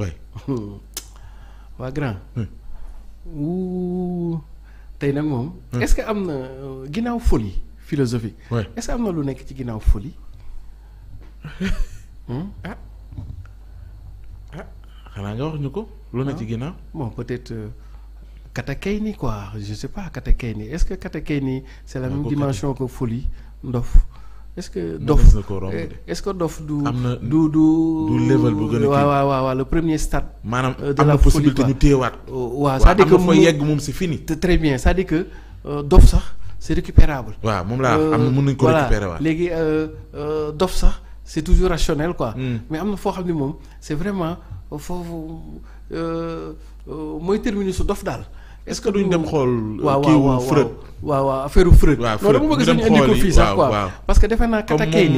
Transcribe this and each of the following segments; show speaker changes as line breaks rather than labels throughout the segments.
oui
waa grand. wuu tey nag moom. est-ce que am na euh, ginnaaw foli philosophie. est-ce que am na lu nekk ci ginnaaw folie. Hmm? ah ah xanaa nga wax ñu ko. loo nekk ci ginnaaw. moom ah. peut-être. Euh, katakay ni quoi je sais pas katakay ni est-ce que katakay ni c'est la dimension que folie ndof est-ce que dof eh, est-ce que dof du du du du level bu gën a waaw waaw waaw le premier stat maanaam am euh, na possibilité ñu téyewaat euh, mooy yegg moom c'est fini très bien c'est-à-dire que euh, dof sax c'est récupérable waaw moom laa am na mën nañ ko récupérer waat léegi dof sax c'est toujours rationnel quoi hmm. mais am na foo xam ne moom c'est vraiment foofu mooy terminer su dof daal est-ce que duñ dem xool. Euh, waaw waaw waaw waaw affaire Freud. waaw dama bëgg suñu indi ko fii sax quoi parce que defe naa katake yi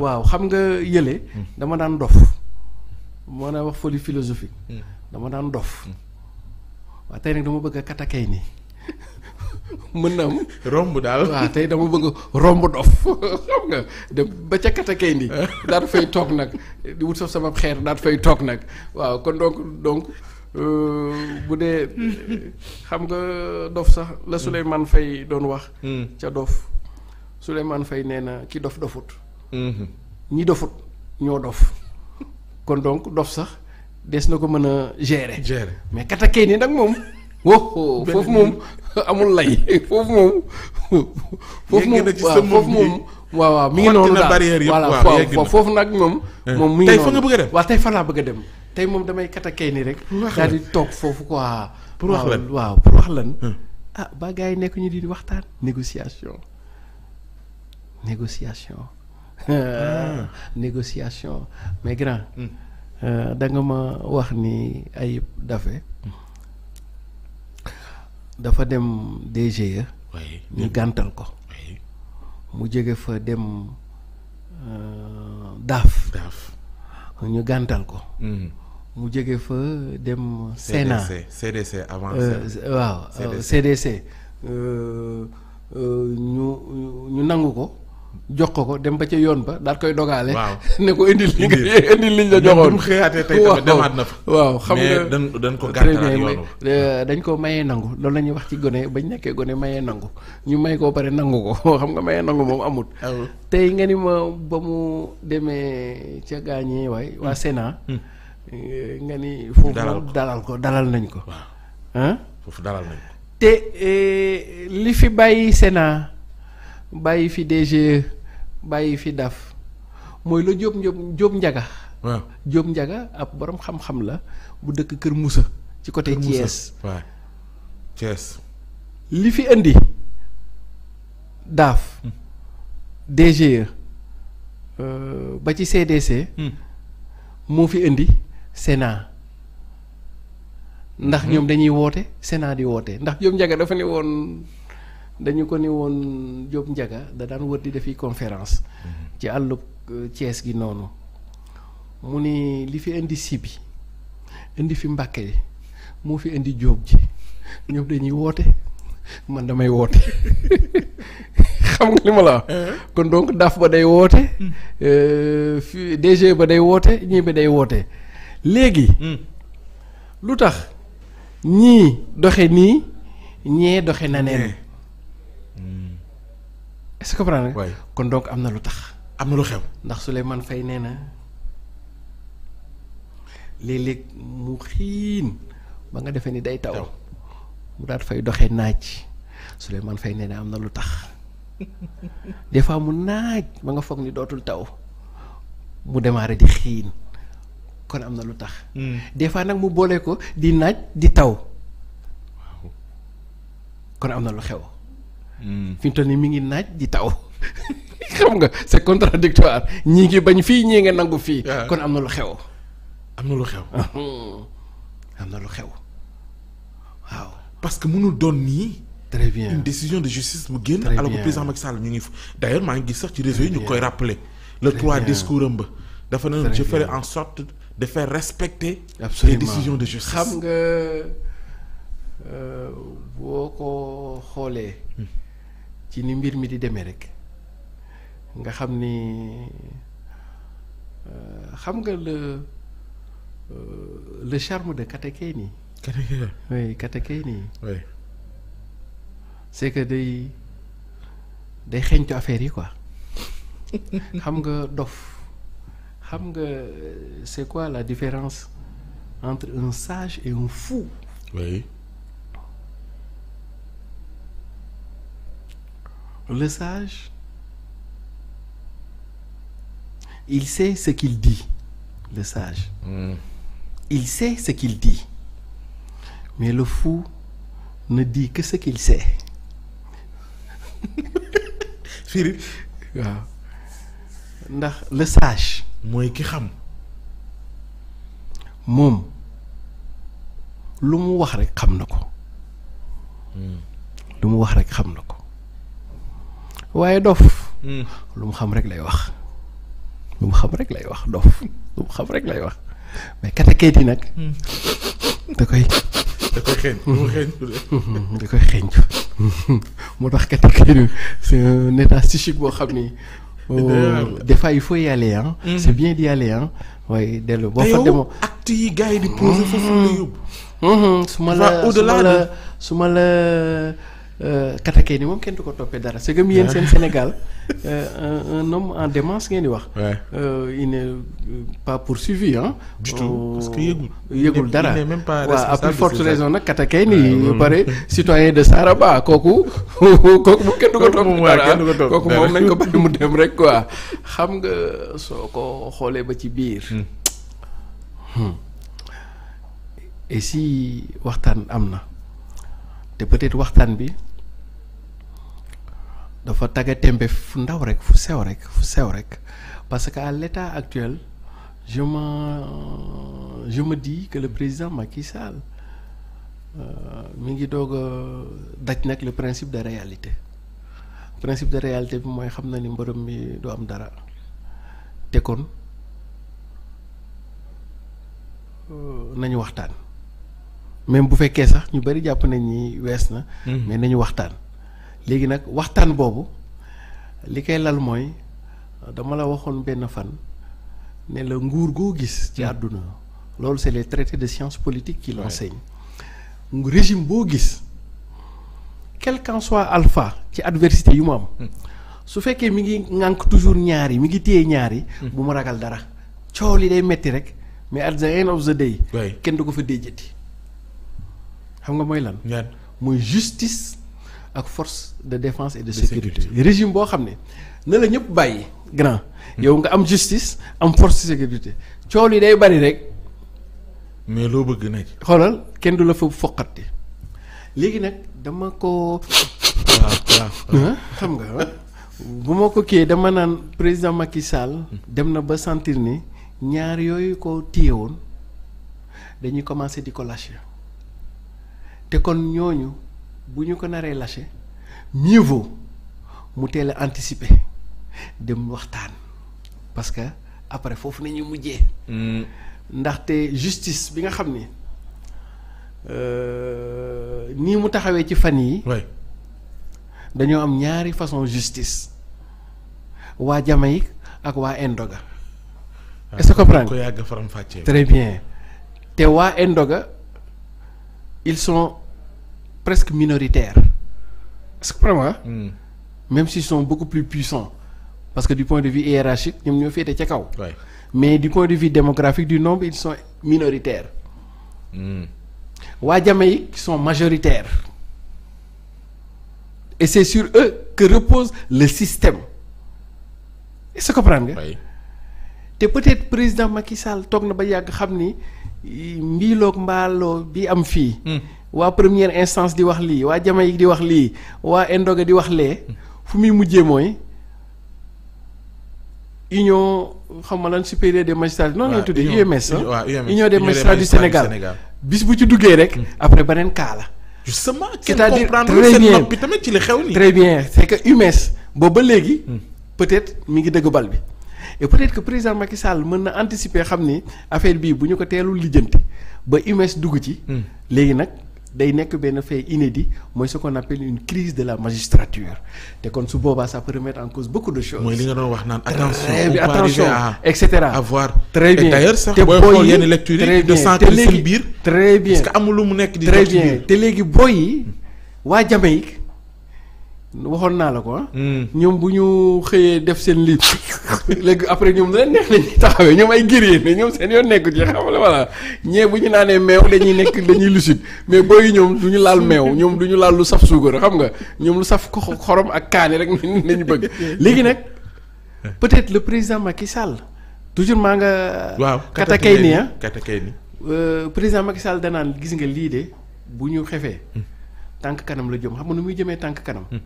waaw xam nga yële. Hmm. dama daan dof. moo naa wax folie philosophique. Hmm. dama daan dof. Hmm. waaw tey nag dama bëgg a katake nii. mën na am romb daal waaw tey dama bëgg romb dof xam nga dem ba ca katakayndi daal fay toog nag di wut saf sama xeer daal fay toog nag waaw kon donc donc euh, bu dee xam nga dof sax la hmm. Souleymane fay doon wax hmm. ca dof Souleymane fay nee na ki dof dofut hmm. ñi dofut ñoo dof kon donc dof sax des na ko mën a gérer gérer mais katakayndi nag moom woo foofu moom amul lay foofu moom. foofu moom waaw waaw waaw mi ngi noonu daal voilà foofu nag moom. Eh, moom mi ngi noonu tey bëgg dem tey fa laa bëgg a dem. tey moom damay katakay nii rek. daal di toog foofu ko pour wax waaw pour wax lan. Hmm. ah ba yi nekk ñu di waxtaan négociation négosiation ah. négociation mais grand. Hmm. Euh, da nga ma wax ni Ayib Daffé. dafa dem DGE. waaye ñu gàntal ko. mu jóge fa dem euh, DAF. ñu gàntal ko. Hmm. mu jóge fa dem. Sénat CDC avant. Euh, waaw CDC euh, ñu nangu ko. jox ko ko dem ba ca yoon ba daal koy dogaale. waaw ne ko indil li nga indil liñ la joxoon. xëyaatee tey tamit demaat waaw xam nga dañ ko gàttalaat yoonu euh, dañ ko mayee nangu loolu la ñuy wax ci gone bañ nekkee gone mayee nangu ñu may koo pare nangu ko xam nga mayee nangu moom amut. Ah tey nga ni ma ba mu demee ca gaañee way waa hmm. Sénat. Hmm. Euh, nga ni foofu dalal ko dalal nañ
ko. waaw foofu
te euh, li fi bàyyi Sénat. bàyyi fi DGE bàyyi fi DAF mooy la Jóob Jóob Njaga waaw Jóob Njaga ab boroom xam-xam la bu dëkk Kër Moussa ci côté Thiès waaw li fi indi DAF hmm. DGE euh, ba ci CDC hmm. moo fi indi Sénat ndax hmm. ñoom dañuy woote Sénat di woote ndax Jóob Njaga dafa ne woon dañu ko ne woon Diop Ndiaga da daan wër di defi conférence ci àllub euh, Thiès gi noonu mu ni li fi indi si indi fi Mbàkke yi moo fi indi Diop ji ñoom dañuy woote man damay woote xam nga li ma la kon donc daf ba day woote hmm. euh, fi DG ba day woote ñii ba day woote léegi hmm. lu tax ñii doxe nii ñee doxe na neen est-ce kon donc am na lu tax. am na lu xew ndax Souleymane Faye nee na léeg mu xiin ba nga defee ni day taw. mu daal fay doxee naaj Souleymane fay nee na am na lu tax des fois mu naaj ba nga foog ni dootul taw mu démarré di xiin kon am na lu tax. Hmm. des fois nag mu boole ko di naaj di taw kon am na lu xew. fi mu toll nii mi ngi naaj di taw. xam nga c'est contradictoire ñii ngi bañ fii ñii nga nangu fii. kon am na lu xew. am na lu xew. am na lu xew waaw.
parce que mënul doon nii. très bien une décision de justice bu génn. alors que président Macky Sall ñu ngi fa d' maa ngi gis sax ci réseau yi ñu koy rappeler. le trois discours am ba. dafa ne je ferai en sorte de faire respecter. Absolument. les de justice. xam nga
euh, boo ko xoolee. Hmm. ci ni mbir mi di demee rek nga xam ni euh, xam nga le euh, le charme de Katekeni. Katekeni oui Katekeni. oui c'est que day day xeeñtu affaire yi ko xam nga dof xam nga euh, c'est quoi la différence entre un sage et un fou. Le sage, il sait ce qu'il dit, le sage. Mm. Il sait ce qu'il dit. Mais le fu ne dit que ce qu'il sait. firi waaw. ndax le sage. mooy ki xam. moom lu mu wax rekk xam na ko. Hmm. lu mu wax rekk xam na ko. waaye dof. Hmm. lu mu xam rek lay wax. lu mu xam rek lay wax dof lu mu xam rek lay wax mais katakeet yi nag. Hmm. da koy. da koy xeeñ moo tax katakeet yi c'est un état boo xam ni. Euh, des fois il faut y aller hmm. bien d'y aller ah. waaye dellu boo fa demoo acte
yi gars di poser foofu
la yóbbu. su ma la su ma la su ma la. Euh, katakee ni moom kenn du ko toppee dara c'est que yéen seen Sénégal euh, un en démence ngeen di wax. Euh, il n'est pas poursuivi ah. yëgul. dara waaw à plus raison nag katakee nii. ba pare citoyen de Saraba kooku kooku moom kenn du ko toppee dara kooku moom nañ ko bàyyi mu dem rek quoi xam nga soo ko xoolee ba ci biir. Hmm. Hmm. et si waxtaan am na te peut-être waxtaan bi. dafa tagga tempe fu ndaw rek fu sew rek fu sew rek parce que à l'état actuel je me je me dis que le président Macky euh, mi ngi doog a daj nag le principe de réalité le principe de réalité bi mooy xam na ni mbërëm mi du am dara te kon euh, nañu waxtaan même bu fekkee sax ñu bari jàpp nañ ni wees na mhm. mais nañu waxtaan léegi nag waxtaan boobu li koy lal mooy dama la waxoon benn fan ne la nguur goo gis ci àdduna loolu c'est les traité de sciences politiques qui l'enseignent régime boo gis quel qu'en soit alpha ci adversité yu mu am su fekkee mi ngi ŋànk toujours ñaari mi ngi téye ñaari bu ma ragal dara coow li day metti rek mais at the end of the day kenn du ko fa déjjati xam nga mooy lan mooy justice ak force de défense et de sécurité régime boo xam ne na la ñëpp bàyyi grand hmm. yow nga am justice am force de sécurité coow yi day bari rek mais loo bëgg nag xoolal kenn du la fa foqati léegi nag dama ko
waaw ah,
xam nga bu ma ko kiyee dama naan président Macky Sall dem na ba sentir ni ñaar yooyu ko téye woon dañuy commencé di ko lâché te kon ñooñu bu ñu ko naree lâché mieux mu teel a anticiper dem waxtaan parce que après foofu nañuy mujjee. Hmm. ndaxte justice bi nga xam ni euh, nii mu taxawee ci fan yi dañoo am ñaari façon justice waa Jamaïque ak waa Indoga. Ah, est-ce que comprendre ko yàgg faram très bien te waa Indoga ils sont. presque minoritaires est-ce que hmm. même s'ils sont beaucoup plus puissants parce que du point de vue hiérarchique ñoom ñoo féete ca kaw mais du point de vue démographique du nombre ils sont minoritaire hmm. waa Jamaïque sont majoritaires et c'est sur eux que repose le système est-ce que comprendre nga te peut-être président Macky Sall toog na ba yàgg xam ni mbiiloog mbaaloo bi am fii hmm. waa première instance di wax lii waa Jamaïque di wax lii waa Indoga di wax lee fu muy mujjee mooy union xam ma lan supérieure des magistrats noonu lay tuddee UMS union ah, des magistrats du Sénégal bis bu ci duggee rek mm. après beneen cas la justement c'est-à-dire très bien tamit très bien c'est que UMS boobu ba léegi mm. peut-être mi ngi dëgg bal bi et peut-être que président Macky Sall mën na anticiper xam ni affaire bii bu ñu ko teelul lijjanti ba UMS dugg ci mm. léegi nag day nekk benn fait inédit mooy ce qu'on appelle une crise de la magistrature te kon su boobaa ça peut remettre en cause beaucoup de choses. mooy li nga doon wax naan attention. ou attention et cetera. avoir très bien d'ailleurs sax booy xool yenn lectures yi de biir. très bien parce que amul lu mu nekk di. très bien te léegi booy yi waa Jamaïque waxoon naa la ko ah. hmm. ñoom bu ñu xëyee def seen lii léegi après ñoom leen neex nañuy taxawee ñoom ay guerrier ne ñoom seen yoon nekku ci xam voilà bu ñu naanee meew dañuy nekk dañuy lucide mais booy ñoom du ñu laal meew ñoom du ñu laal lu saf suukar xam nga ñoom lu saf ko xorom ak kaani rek nañu bëgg léegi nag peut-être le président Macky Sall toujours maa nga waaw katakay ni ah katakay ni euh, président Macky Sall danaan gis nga lii de bu ñu xefee hmm. tànk kanam la jom xam nga nu muy jëmee tànk kanam hmm.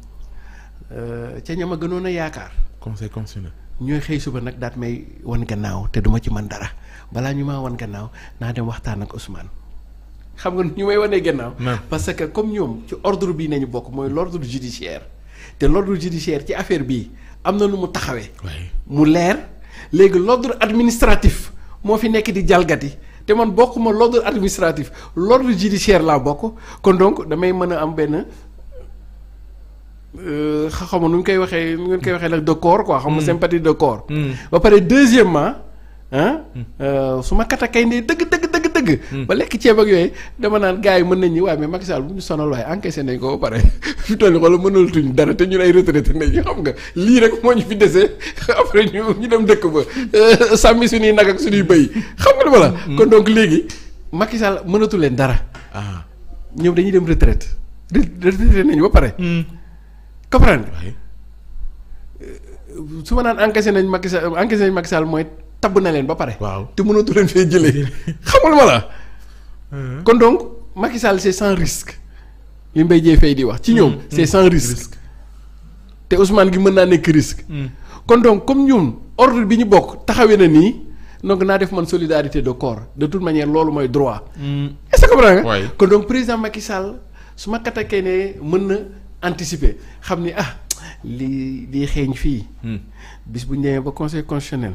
Euh, ca ña ma gënoon a yaakaar. conseil constitutionnel. ñooy xëy suba nag daat may wan gannaaw te duma ci man dara balaa ñu maa wan gannaaw naa dem waxtaan ak Ousmane. xam nga ñu may wanee gannaaw. parce que comme ñoom ci ordre bii nañu bokk mooy l'ordre judiciaire te l'ordre judiciaire ci affaire bii am na lu mu taxawee. mu leer léegi l'ordre administratif moo fi nekk di jalgati. te man bokkuma l'ordre administratif l'ordre judiciaire laa bokk kon donc damay mën a am benn Euh, xaw ma nu ñu koy waxee nu ngeen koy waxee nag de corps quoi. xam hmm. nga sympathie de corps. Hmm. ba pare deuxièmement ah. su ma kata kay ndee dëgg dëgg dëgg dëgg. ba lekk ceeb ak yooyu dama naan gars yi mën nañ ñi waaye mais Macky Sall bu ñu sonal waaye encaissé nañ ko ba pare fi toll xoolal mënalatuñ dara te ñun ay retraité nañ nga lii rek moo ñu fi dese après ñu dem dëkk ba euh, sàmmi suñuy nag ak suñuy bëy xam nga dama la. kon donc léegi Macky Sall mënatu leen dara. Ah. ñoom dañuy dem retraite retraité nañu ba pare. comprendre euh, su ma naan encaissé nañ Macky Sall encaissé nañ Sall mooy tabb na leen ba pare. waaw te mënatu leen fee jëlee. xamul ma la. Uh-huh. kon donc Macky Sall c' est sans risque. li Mbaye Dièye di wax ci ñoom. Mm, c' est mm, sans mm. risque. te Ousmane gi mën naa nekk risque. kon donc comme ñoom ordre bi ñu bokk taxawee na nii donc naa def man solidarité de corps de toute manière loolu mooy droit. est ce que comprendre kon donc président Macky su ma katakee ne mën na. anticiper xam ni ah lii lii xeeñ fii. Hmm. bis bu ñu demee ba conseil constitutionnel.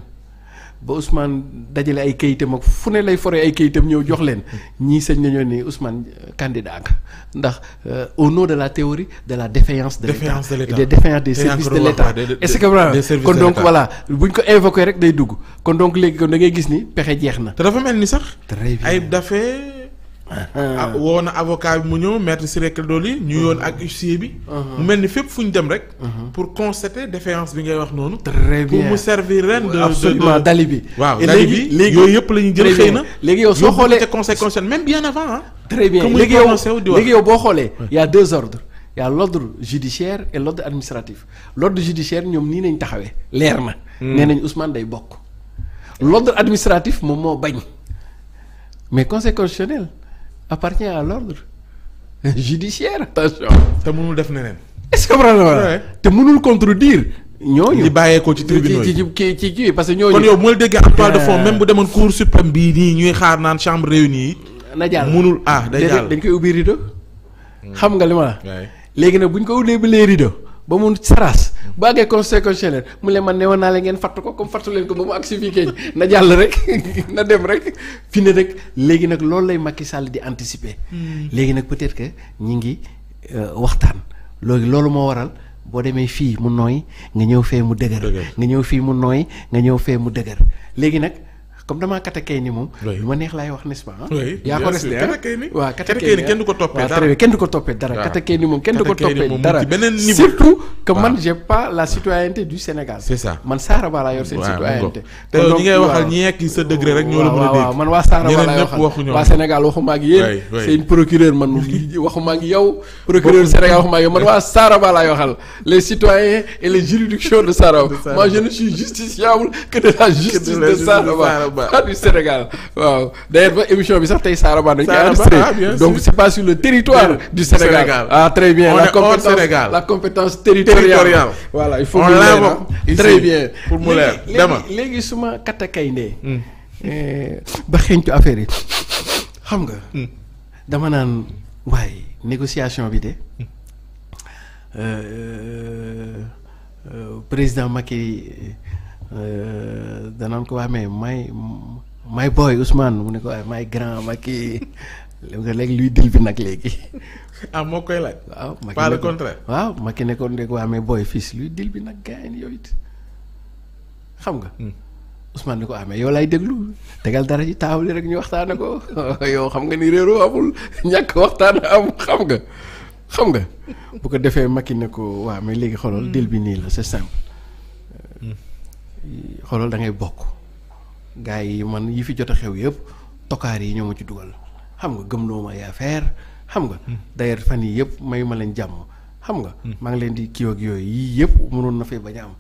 ba Ousmane dajale ay kayitam ak fu ne lay foree ay kayitam ñëw jox leen hmm. ñii sëñ nañoo ni Ousmane euh, candidat nga ndax euh, au nom de la théorie de la défaillance de l'État des défaillances des services de l'État est-ce que kon donc voilà buñ ko invoqué rek day dugg kon donc léegi kon da ngay gis ni pexe jeex na te dafa mel ni sax très bien ay dafee ah woo na
avocat bi mu ñëw maître Ciré Clédor Ly ñu uh-huh. yoon ak huissier bi. Uh-huh. mu mel ni fépp fu ñu dem rek. Uh-huh. pour constater défaillance bi ngay wax noonu. très bien mu servir ren de absolument dali bi. waaw bi léegi yooyu yëpp la ñu jël xëy na. léegi yow soo xoolee conseil même bien avant ah. très bien léegi yow léegi yow boo xoolee. a
deux ordres y a l'ordre judiciaire et l'ordre administratif l'ordre judiciaire ñoom nii nañ taxawee leer na. Hmm. nee nañ Ousmane day bokk. l'ordre administratif moom moo bañ mais conseil appartient à l'ordre judiciaire te mënul def neneen. est-ce que vraiment. te mënul contredire.
ñooñu di bàyyeekoo ci tribunaux yi
ci ci ci parce que ñooñu. kon yow bu ma la déggee en toile de fond même
bu demoon eh. cour suprême bii nii ñuy xaar naan chambre réunie yi. na jàll mënul ah day jàll dañ
koy ubbi rideau. Hmm. xam nga lima la. léegi nag bu ñu ko ubbee rido ba mu saraas bu àggee conseil mu ne man ne woon naa leen ngeen fàttu ko comme fàttu leen ko ba mu agsi fii keñ na jàll rek na dem rek fi ne rek léegi nag loolu lay ki sàll di anticiper. Hmm. léegi nag peut-être que ñi ngi euh, waxtaan loolu loolu moo waral. boo demee fii mu nooy nga ñëw fee mu dëgër nga ñëw fii mu nooy nga ñëw fee mu dëgër léegi nag comme damaa katakay ni moom. lu ma neex laay wax n'est-ce pas. oui yaa ko resté katakay ni waaw katakay ni kenn du ko toppee dara waaw kenn du ko toppee dara. waaw katakay ni moom kenn du ko toppee dara surtout que man j'ai pas la citoyenneté du Sénégal. c'est ça man Saaraba laa yor seen citoyenneté. te ñi ngay waxal ñi yegg sa degré rek ñoo la mën a dégg. man waa Saaraba laay waxal waa Sénégal waxuma ak yéen. c'est une procureur man mm-hmm. waxuma ak yow. procureur Sénégal waxuma ak yow man waa Saaraba laay waxal les citoyens et les juridictions de Saaraba. moi je ne suis justiciable que de la justice de Saaraba Saraba du Sénégal waaw d'ailleurs ba émission bi sax tey Saraba dañ koy enregistré ah, donc c'est pas sur le territoire du Sénégal ah, très bien la compétence la compétence il faut mu leer très bien pour mu leer dama léegi suma katakay ne hmm. eh, ba xeeñtu affaire yi xam nga hmm. dama naan waaye négociation bi de hmm. euh, euh, président Macky Euh, danaan ko wax mais may may boy Ousmane mu ne ko waaye ah, may grand ma kii léegi luy dil bi nag léegi. ah moo koy laaj. waaw ma pas le contraire. ki nekkoon léegi waa mais boy fils luy dil bi nag gars yi yow it xam nga. Hmm. Ousmane ni ko amee ah, yow laay déglu tegal dara ci taaw li rek ñu waxtaane ko yow xam nga ni réeroo amul ñàkk waxtaan amul xam nga xam nga bu ko defee Macky ne ko waa mais léegi xoolal dil bi nii la c'est xolool da ngay bokk gars yi man yi fi jot a xew yëpp tokaar yi ñoo ma ci dugal xam nga gëmloo ma ay affaire xam nga. Hmm. d'ailleurs fan yii yëpp may ma leen jàmm xam nga. Hmm. maa ngi leen di kii yooyu yii yëpp mënoon na bañ am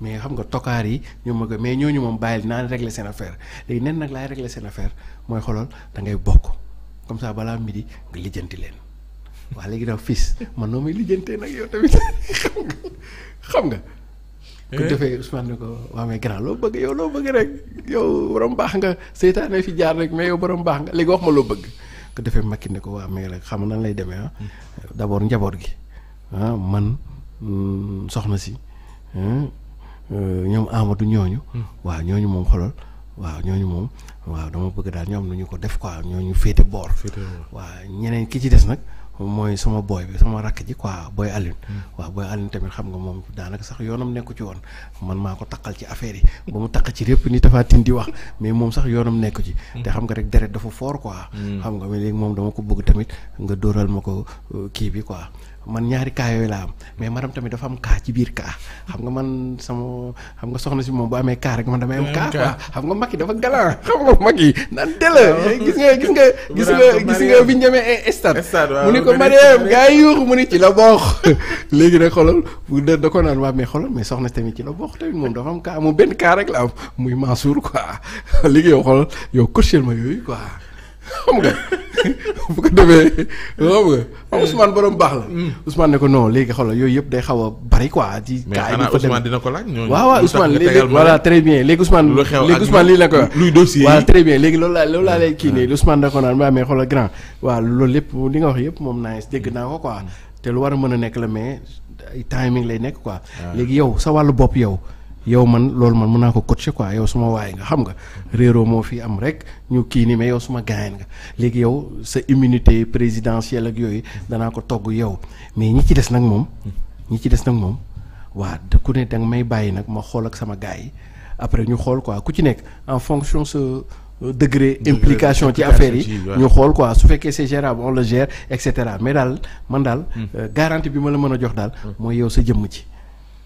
mais xam nga tokaar yi ñoo ma ko mais ñooñu moom bàyyil naa régler seen affaire léegi nen nag laay régler seen affaire mooy xoolal dangay bokk comme ça balaa midi nga lijjanti leen. waa léegi daal fils man noo may lijjantee nag yow tamit xam nga xam nga. ku eh? defee Ousmane ne ko waa mais grand loo bëgg yow loo bëgg rek yow borom baax nga seytaane fi jaar rek mais yow borom baax nga léegi wax ma loo bëgg ku defee Macky ne ko waa mais rek xam nan lay demee ah hmm. d'abord njaboot gi ah man mm, soxna si ah, euh, ñoom Amadou ñooñu hmm. waaw ñooñu moom xolal waaw ñooñu moom waaw dama bëgg daal ñoom nañu ko def quoi ñoo ñu féete boor. waaw ñeneen ki ci des nag mooy sama booy bi sama rakk ji quoi booy Alioune. Hmm. waaw booy Alioune tamit xam nga moom daanaka sax yoonam nekku ci woon man maa ko taqal ci affaire yi hmm. ba mu taq ci lépp ni Tapha Tine di wax mais moom sax yoonam nekku ci. Hmm. te xam nga rek deret dafa fort quoi. xam nga mais léegi moom dama ko bëgg tamit nga dóoral ma ko euh, kii bi quoi. man ñaari cas yooyu laa am mais maram tamit dafa am cas ci biir cas xam nga man sama xam nga soxna si moom bu amee cas rek man damay am cas quoi xam nga Macky dafa galan xam nga coow mag yi naan tela gis nga gis nga gis nga gis nga biñu demee stade mu ni ko Mariam gars yi yuuxu mu ni ci la boox léegi nag xolal da da ko naan waa mais xolal mais soxna tamit ci la boox tamit moom dafa am cas mu benn cas rek la am muy Mansour quoi léegi yow xolal yow coachel ma yooyu quoi xam nga bu ko defee xam nga xam Ousmane borom baax la. Hmm. Ousmane ne ko no léegi xoolal yooyu yëpp day xaw a bari quoi. ci cas yi mais Ousmane dina ko laaj. ñooñu waaw Ousmane léegi voilà très bien léegi Ousmane. lu xew léegi lii la ko luy dossier yi très bien léegi loolu laa loolu laa lay hmm. kii nii Ousmane da ko naan waaw mais xoolal grand. waaw loolu lépp li nga wax yëpp moom naa dégg naa ko quoi hmm. te lu war a mën a nekk la mais ay timing lay nekk quoi. Ah. léegi yow sa wàllu bopp yow yow man loolu man mën naa ko coacher quoi yow suma waay nga xam nga réeroo moo fi am rek ñu kii ni mais yow suma gaayen nga léegi yow sa immunité présidentielle ak yooyu danaa ko togg yow mais ñi ci des nag moom ñi ci des nag moom waa ku ne danga may bàyyi nag ma xool ak sama gars yi après ñu xool quoi ku ci nekk en fonction sa euh, degré implication ci affaire yi ñu xool quoi su fekkee c'est gérable on le et cetera mais daal man daal hmm. euh, garantie bi ma la mën a jox daal hmm. mooy yow sa jëmm ci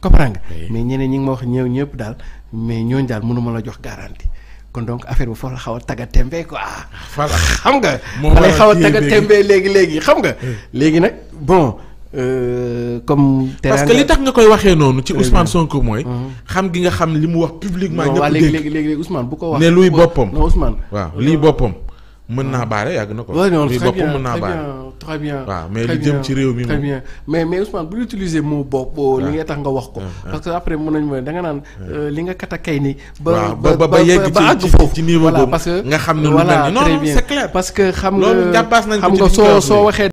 comprends nga. mais ñeneen ñi nga ma wax ñëw ñëpp daal mais ñooñu daal mënuma la jox garantie. kon donc affaire bi foofu la xaw a tagga tembe quoi. Ah, voilà xam nga. moom lay xaw a tagga tembe léegi léegi xam nga. léegi nag bon euh, comme. parce que li tax nga koy waxee noonu. ci Ousmane Sonko mooy. Mhm.
xam gi nga xam li mu wax
publiquement. ñëpp dégg léegi léegi Ousmane bu ko wax. ne luy boppam
non Ousmane. waaw liy boppam. mën naa ah. baare yàgg na ko. waaw non très bien mën naa baare très bien waaw mais li jëm ci réew mi. très
mais mais Ousmane bu ñu utiliser bopp ah. li nga tax nga wax ko. Ah, parce que après mën nañu ma da naan euh, li nga kat a kay ni. ba ba ba ba yegg ci ci niveau boobu nga xam ne lu mel ni non non c'est clair. xam nga xam nga soo soo waxee.